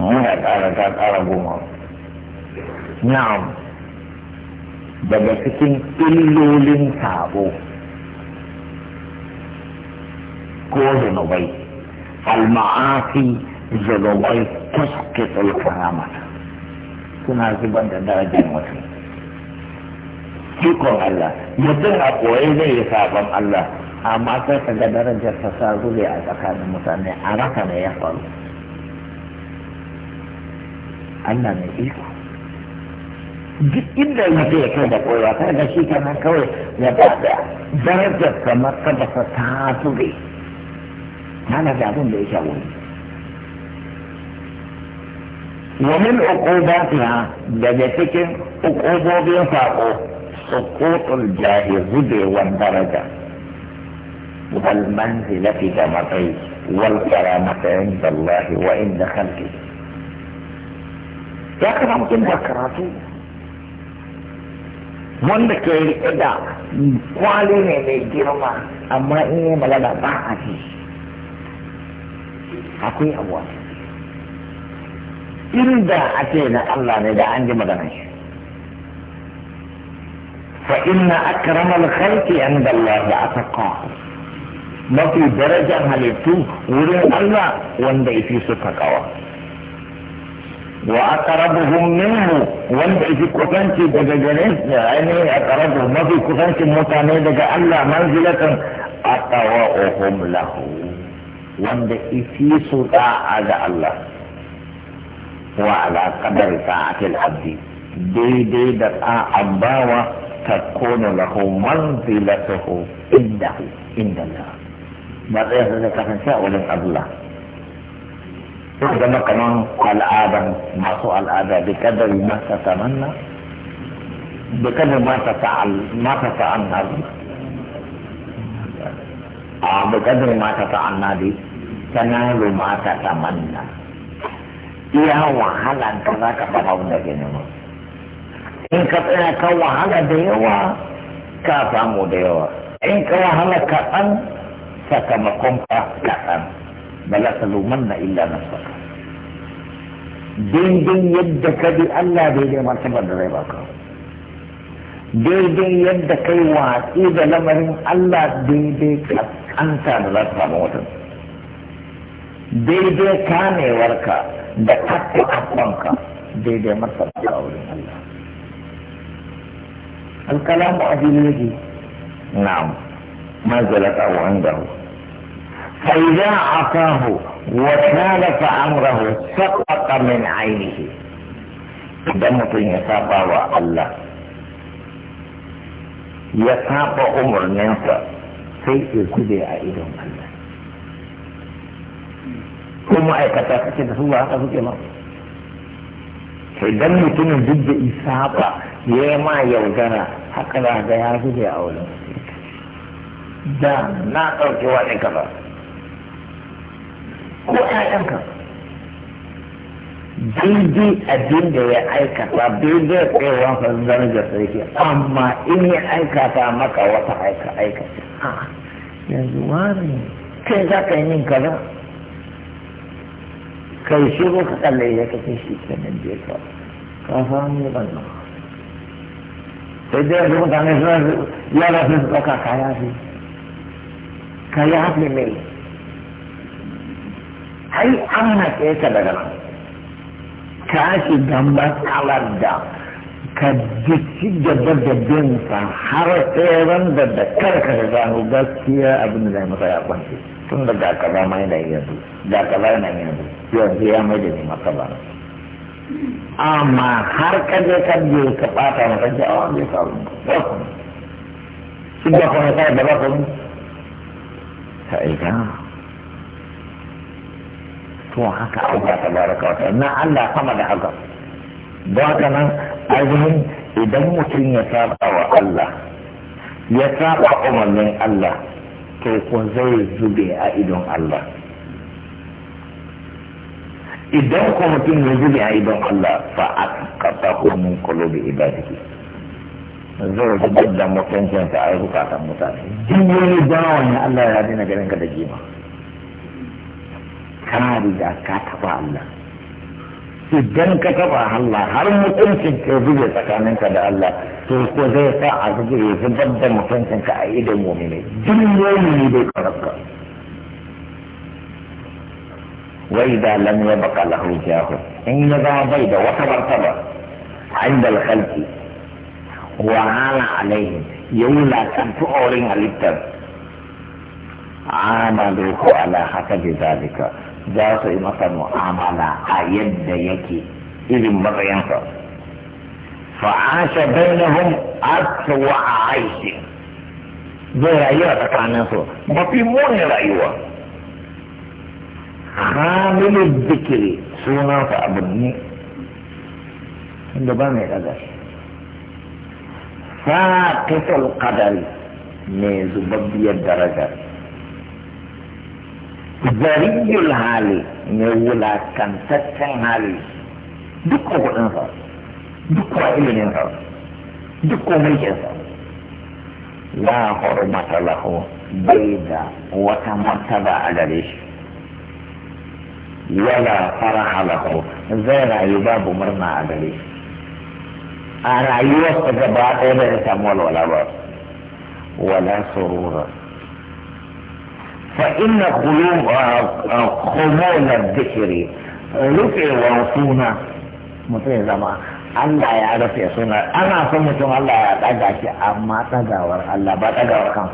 muna ƙara ta ƙara goma na'am daga cikin illolin sabo ko zunubai al-ma'afi zunubai tasqitul karamata suna zubar da darajar mutum ikon Allah mutum a koyi zai yi sabon Allah amma sai ka ga darajar ta sa zule a tsakanin mutane a raka ne ya faru Allah mai iko duk inda yake ya kai da koya kai da shi kenan kawai ya ba da darajar kamar kada ka ta zube mana da abin da ya shawo ومن عقوباتها دجتكن عقوبة بينفعه سقوط الجاه زبي والدرجة والمنزلة في جمعي والكرامة عند الله وعند خلقه ya kana mutum da karatu wanda ke riƙe da kwali ne mai girma amma in yi magana ba a ce akwai abuwa inda a ce na Allah ne da an ji magana shi fa inna akramal khalqi inda Allah da atqa mafi darajar halittu wurin Allah wanda yafi suka kawai وأقربهم منه وانت في كفانتي دقا جنس يعني أقربهم ما في كفانتي متاني دقا ألا منزلة أطوأهم له وانت في سطاع على الله وعلى قدر طاعة العبد دي دي دقا أباوة تكون له منزلته عنده عند الله ما غير ذلك فانشاء ولن الله sun zama kamar al'adan masu al'ada da kadari masa tamanna da kadari masa ta'anna a da kadari masa ta'anna dai tanaru masa tamanna iya wahala ta za ka fara wanda ke nema in ka tsaya ka wahala da yawa ka samu da yawa in ka wahala kaɗan sakamakon ka kaɗan بلا تلومن الا نفسك daidai yadda ka bi Allah daidai martabar da zai baka daidai yadda kai watsi da lamarin Allah daidai kaskanta da za ta samu mutum daidai kamewarka da kakka akwanka daidai martaba a wurin Allah alkalamu a jirgi na'am ma zalata wa an gahu fa idza akahu وخالف أمره سقط من عينه idan mutum ya saba wa Allah ya saba umarninsa sai ya kube a idon Allah ko ma'aikata kake da su ba haka suke ba idan mutumin duk da isafa ya yi ma yaudara haka da ya zube a wurin da na ɗauki wani kaza ko ƴaƴanka daidai abin da ya aikata daidai tsayawan sanzanin da sarki amma in ya aikata maka wata aika aika yanzu wani kai za ka yin kaza kai shi ko ka kalle ya kace shi kenan je ka ka samu ban nan sai dai yanzu mutane suna yara sun suka kaya su kaya hafi mai ai an haƙe ka daga nan ka shiga kalar da ka ci da bin sa har tseren da da karka da zanu gaskiya abin da zai masa ya kwanci tun da ga kaza ma yana yanzu ga kaza yana yanzu yanzu ya mai da ni masa ba amma har ka je ka je ka bata masa ji a wanda ya samu shi da kuma sai da ba ku ka aika to haka Allah tabaraka wa ta'ala na Allah sama da haka don haka nan ainihin idan mutum ya saba wa Allah ya saba umarnin Allah to ko zai zube a idon Allah idan ko mutum ya zube a idon Allah fa a aqata min qulubi ibadihi zai zubar da mutuncinsa a zukatan mutane duk wani bawan Allah ya dina ganin ka da jima ka riga ka taba Allah idan ka taba Allah har mutuncin ka zube tsakaninka da Allah to ko zai sa a zube ya zubar da mutuncin ka a idon mumini duk mumini bai karaka wai da lam ya baka lahu jahu in ya zama bai da wata martaba عند الخلق وعلى عليهم يولى كان تؤورين على التب عاملوه على حسب ذلك za su yi masa mu'amala a yadda yake irin matsayinsa fa'asha bainahum aswa aishi zai rayuwa tsakaninsu mafi munin rayuwa hamilu zikiri sunansa abin ne inda ba mai ɗaga shi fatisal kadari mai zubabbiyar darajar ذري العالي نولا كان تتن عالي دكو بالانصار دكو إلى الانصار دقوا من لا حرمة له بيدا وتمتبع على ليش ولا فرح له زير يباب مرنا على ليش أنا أيوة بعد إلى السمول ولا باب ولا سرورة فإن خلوب خمول آه، آه، الذكر لك وصونا مثل زمان الله يعرف يا سنة أنا صمت الله يعرف يا أما تدور الله بتدور كم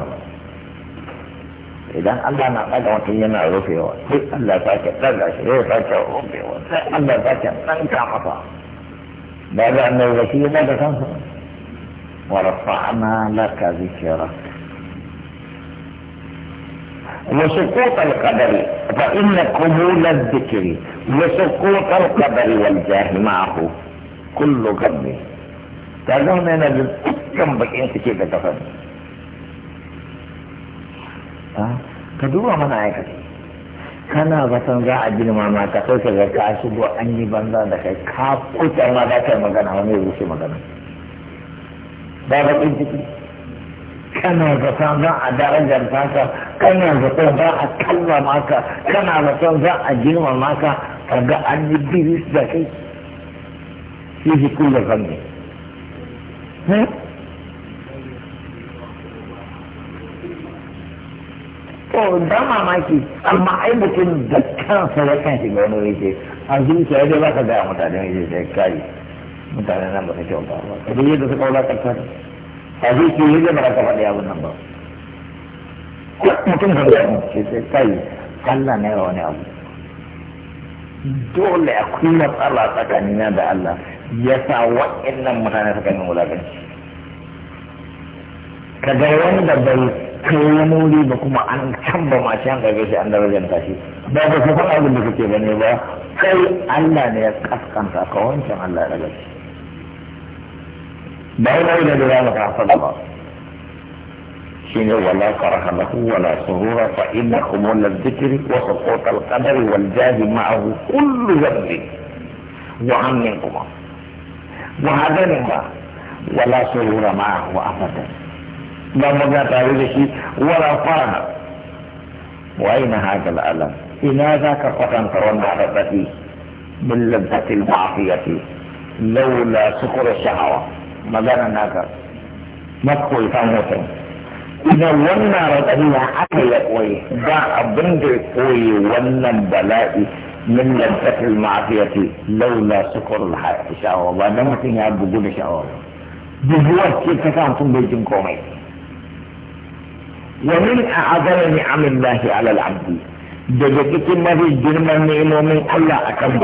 إذن الله ما قد أعطينا رفي وحي الله فاكت تدعش إيه فاكت رفي وحي الله فاكت تنكع عطا بعد أن الذكي ماذا ورفعنا لك ذكرك وسقوط القدر فإن قبول الذكر وسقوط القدر والجاه معه كل غم تظن أن كم بقين كتير تفهم كدوبا من آيك kana zaton za a girma ma ka kai ka ga ka shigo an yi banza da kai ka kuce ma za ka magana wani ya rushe magana ba baƙin ciki kana zaton za a darajar taka kana zaton za a kalma maka kana zaton za a girma maka ka ga an yi biris da kai shi shi kula zanne ko da hmm? mamaki amma ai mutum da kansa ya kan ga wani rike a zuciya yadda za ka gaya mutane ne da kai mutane nan ba su kyauta ba kada yadda suka wulaƙanta a zuciya yadda ba ka faɗi abin nan ba mutum hamsin ce sai kai Allah ne wani abu dole akwai matsala tsakanina da Allah ya sa waɗannan mutane suka yi wulaganci ka ga wanda bai kai wani wuri ba kuma an can ba ma shi an gaje shi an darajar kashi ba ba su faɗa abin da kake ba ne ba kai Allah ne ya kaskanta ka wancan Allah ya daga shi ba wani da dora maka hasala ba شيء ولا فرح له ولا سرور فإن خمول الذكر وسقوط القدر والجاه معه كل ذنب وعن منكما وهذا ولا سرور معه أبدا لا مجال شيء ولا فرح وأين هذا الألم إلى ذاك فتن ترون معرفتي من لذة المعصية لولا سكر الشهوة مدانا ما مدخل فموتن إذا ونا ربنا عقل قوي دع بند قوي ونا بلائي من لذة المعصية لولا سكر الحياة إن شاء الله أنا ما تيجي أبغى إن شاء الله بجوار كيف كان توم ومن أعظم نعم الله على العبد دجاجك النبي في جرم نعمه من الله أكم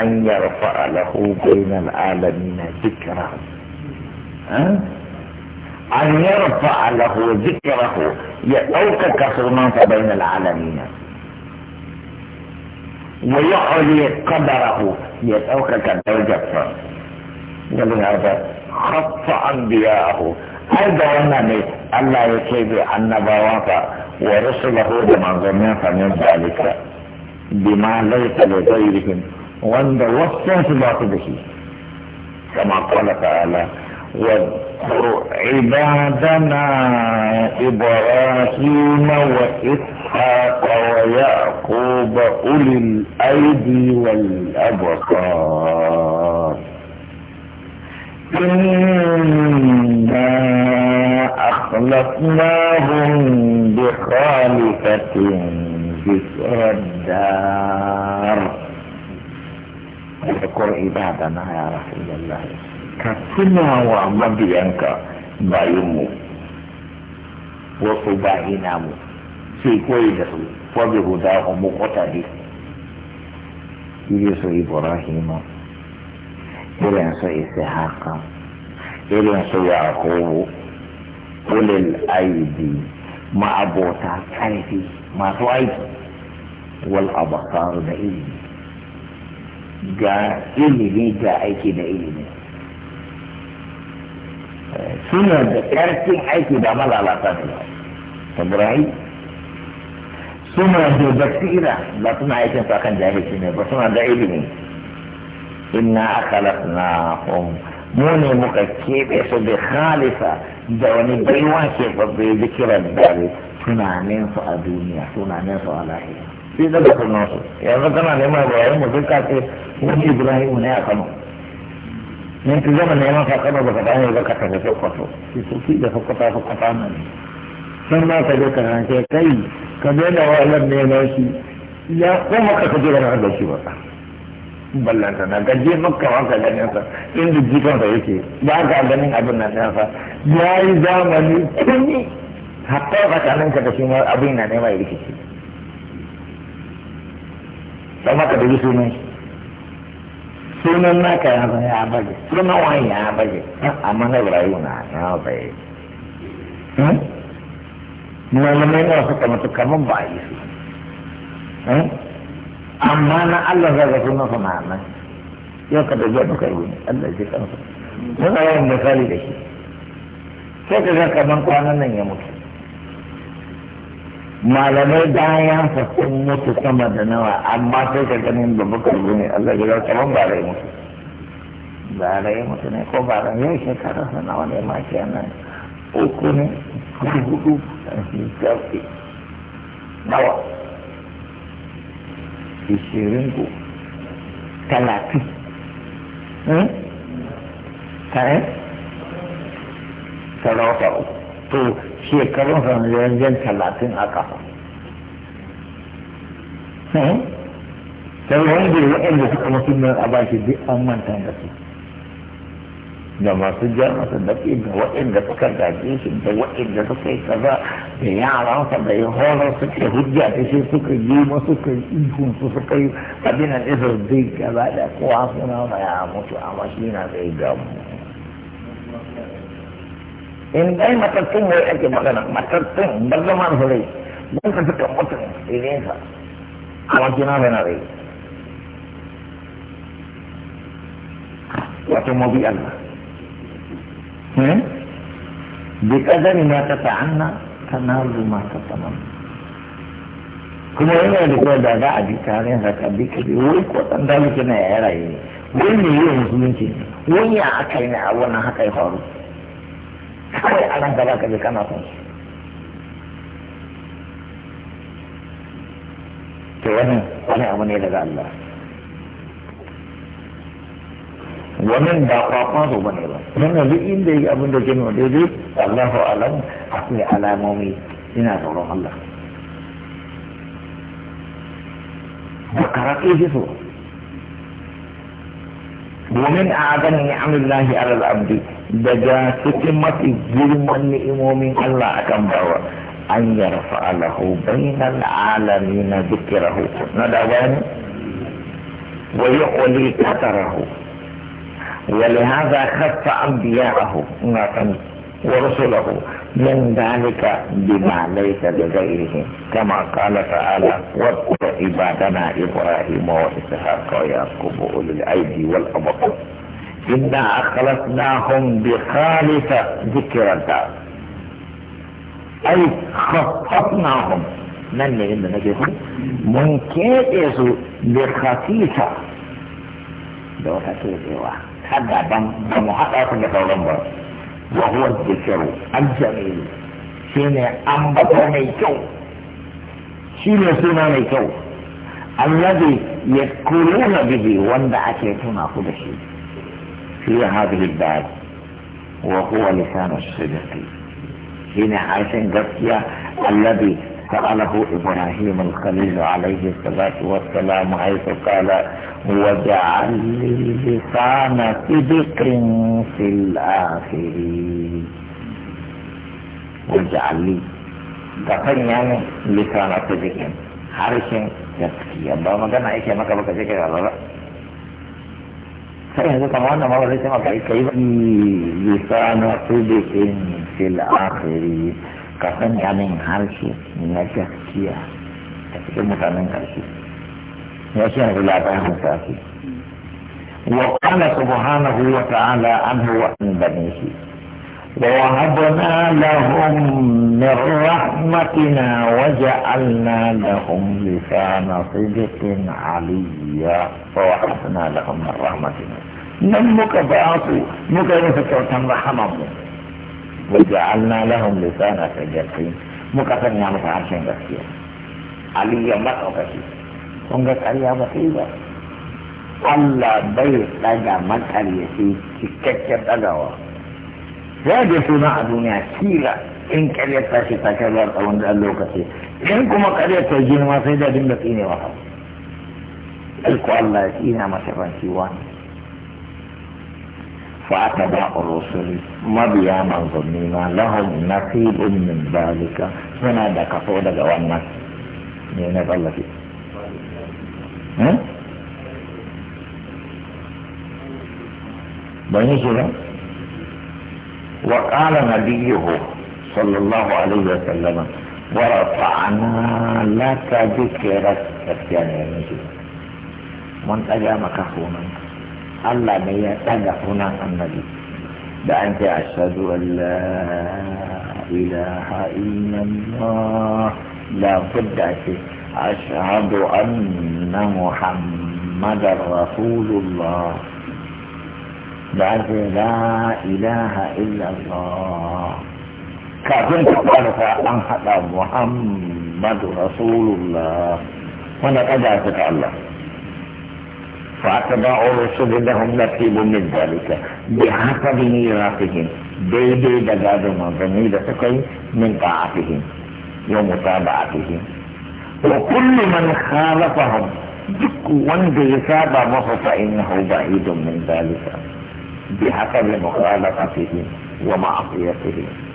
أن يرفع له بين العالمين ذكرا أن يرفع له ذكره يأوكك صنات بين العالمين ويعلي قدره يأوكك درجة ولهذا هذا خط أنبياءه أيضا أنني ألا ان النبوات ورسله بمنظمات من ذلك بما ليس لغيرهم وأن وصفت به كما قال تعالى واذكر عبادنا إبراهيم وإسحاق ويعقوب أولي الأيدي والأبصار إنا أخلصناهم بخالفة ذكر الدار اذكر عبادنا يا رسول الله ka tuna wa mabiyanka bayanmu wasu ubahina mu sai koyi da su wa bi huda mu kota ne irin su Ibrahim, irin su ishaqa irin su yaqubu ulil aidi abota karfi masu aiki wal abasar da ilimi ga ilimi ga aiki da ilimi suna da ƙarfin aiki da malalata ne tabirai suna da basira ba suna aikin sa kan jahilci ne ba suna da ilimi inna akhalasna hum mu ne muka keɓe su da khalisa da wani baiwa ke babbe zikiran dare tunanin su a duniya tunanin su a lahira sai da ba su yanzu kana neman bayanin mu duka ce wani ibrahim ne a kano in ka zama neman ka tsaba baka ba ka tafi sokoto shi sufi da sokoto sokoto nan san ma ka je ka rance kai ka daina wahalar neman shi ya ko maka ka je ba shi ba ballanta na gaje makka ba ka ganin sa in jikan sa yake ba ka ganin abin nan sa ya yi zamani kunyi hatta tsakanin ka da shi ma abin rikici dan haka da sunan naka ya zai ya baje sunan wani ya baje amma na ibrahim na ya baje hmm? malamai na suka mutu kamar ba yi su hmm? amma na Allah zai ga sunan sa ma'ana yau ka da jiya duka yi Allah zai kansa muna yawan misali da shi sai ka ga kamar kwanan nan ya mutu malamai bayan ya sun mutu sama da nawa amma sai ka ganin baka karbu ne Allah ya ga kaman ba rai mutu ba rai mutu ne ko ba rai yau shekara sana nawa ne ma kenan uku ne hudu shafi nawa ishirin ku talatin hmm? tare talauta uku to shekarun sanarwajen talatin a kafa wani eh? da waɗanda suka musulman a bashi duk an manta da su da masu jar masu dafi da waɗanda suka gaje shi da waɗanda suka yi kaza da yaransa da ya horar suke hujja da shi suka yi ma suka yi su suka yi abinan isa zai gaba da kowa suna ya mutu amma shi da zai gamu in dai matattun wai ake magana matattun bar zama su rai don ka suka mutum irinsa a wakina mai na rai wato mabi Allah hmm? bi kadari ma ta ta'anna tanazu ma ta tamam kuma yana da kuwa da za a bi tare da ka bi ka bi wai ko dan dalilin na yara yi wai ne yi musulunci wai ya aka yi na a wannan haka ya faru kawai a ranka ba ka je kana son su to wannan wani abu ne daga Allah wannan ba kwakwan su bane ba don yanzu inda yi abin da ke nuna daidai Allahu alam akwai alamomi ina tsoron Allah da karaƙe shi so domin a ganin ni'amin lahi alal abdi daga cikin mafi girman ni'imomin Allah a kan bawa an yi rafa alahu alami na alamin rahu na da bayani wa yu'li qatarahu wa li an biya rahu na kan warsu rahu min dalika bima laysa da ghairihi kama kala ta'ala wa ibadana ibrahim wa ishaq ya kubu ulul aidi wal abqar إنا أخلصناهم بخالفة ذكر الدار أي خططناهم من من نجيهم من كيدسوا بخفيفة لو تكيدوا حتى دم دم حتى تولم وهو الذكر الجميل شيني أنبطوا ميكو شيني سنة ميكو الذي يكلون به وانبعك يتنا قدشي في هذه الباب وهو لسان الصدق هنا عايشين جسيا الذي سأله إبراهيم الخليل عليه الصلاة والسلام حيث قال وجعل لي لسان صدق في الآخرين وجعل لي تقن يعني لسان صدق عارشين جسيا بابا كان عايشين مكة على كده sai yanzu kamar wannan ma ba zai taimaka ita yi hmm, ba lisana sudikin fil akhiri ka san ganin harshe na gaskiya a cikin mutanen karshe ya shi yanzu labarin sashi wa qala wa an ووهبنا لهم من رحمتنا وجعلنا لهم لسان صدق عليا ووهبنا لهم من رحمتنا بعطي نمك مكبعاتوا تنرحمهم وجعلنا لهم لسان صدق نمك بعطي نمك بعطي عليا بعطي نمك عليا بخيبة الله بيت لدى مكاليسي تكتب أدوه ya je suna a duniya kila in karyar ta ce ta karyar tsawon da lokaci in kuma karyar ta girma sai da dinga tsine wa ko Allah ya tsina masa ranci wani fa aka ba rusuli mabiya manzanni na lahum nasibun min dalika suna da kaso daga wannan ne na tsallake ban yi shi ba وقال نبيه صلى الله عليه وسلم ورفعنا لك ذكرك كان يا نجي من أجامك هنا الله ما هنا النبي بأنت أشهد أن لا إله إلا الله لا بد أشهد أن محمد رسول الله بعد لا إله إلا الله كافين تعرف أن حتى محمد رسول الله هنا قدرت الله فأتباع الرسل لهم نتيب من ذلك بحسب ميراثهم بيدي دجاج منظمي لسكي من طاعتهم ومتابعتهم وكل من خالفهم دك وان مصر فإنه بعيد من ذلك بحسب مخالفته ومعصيته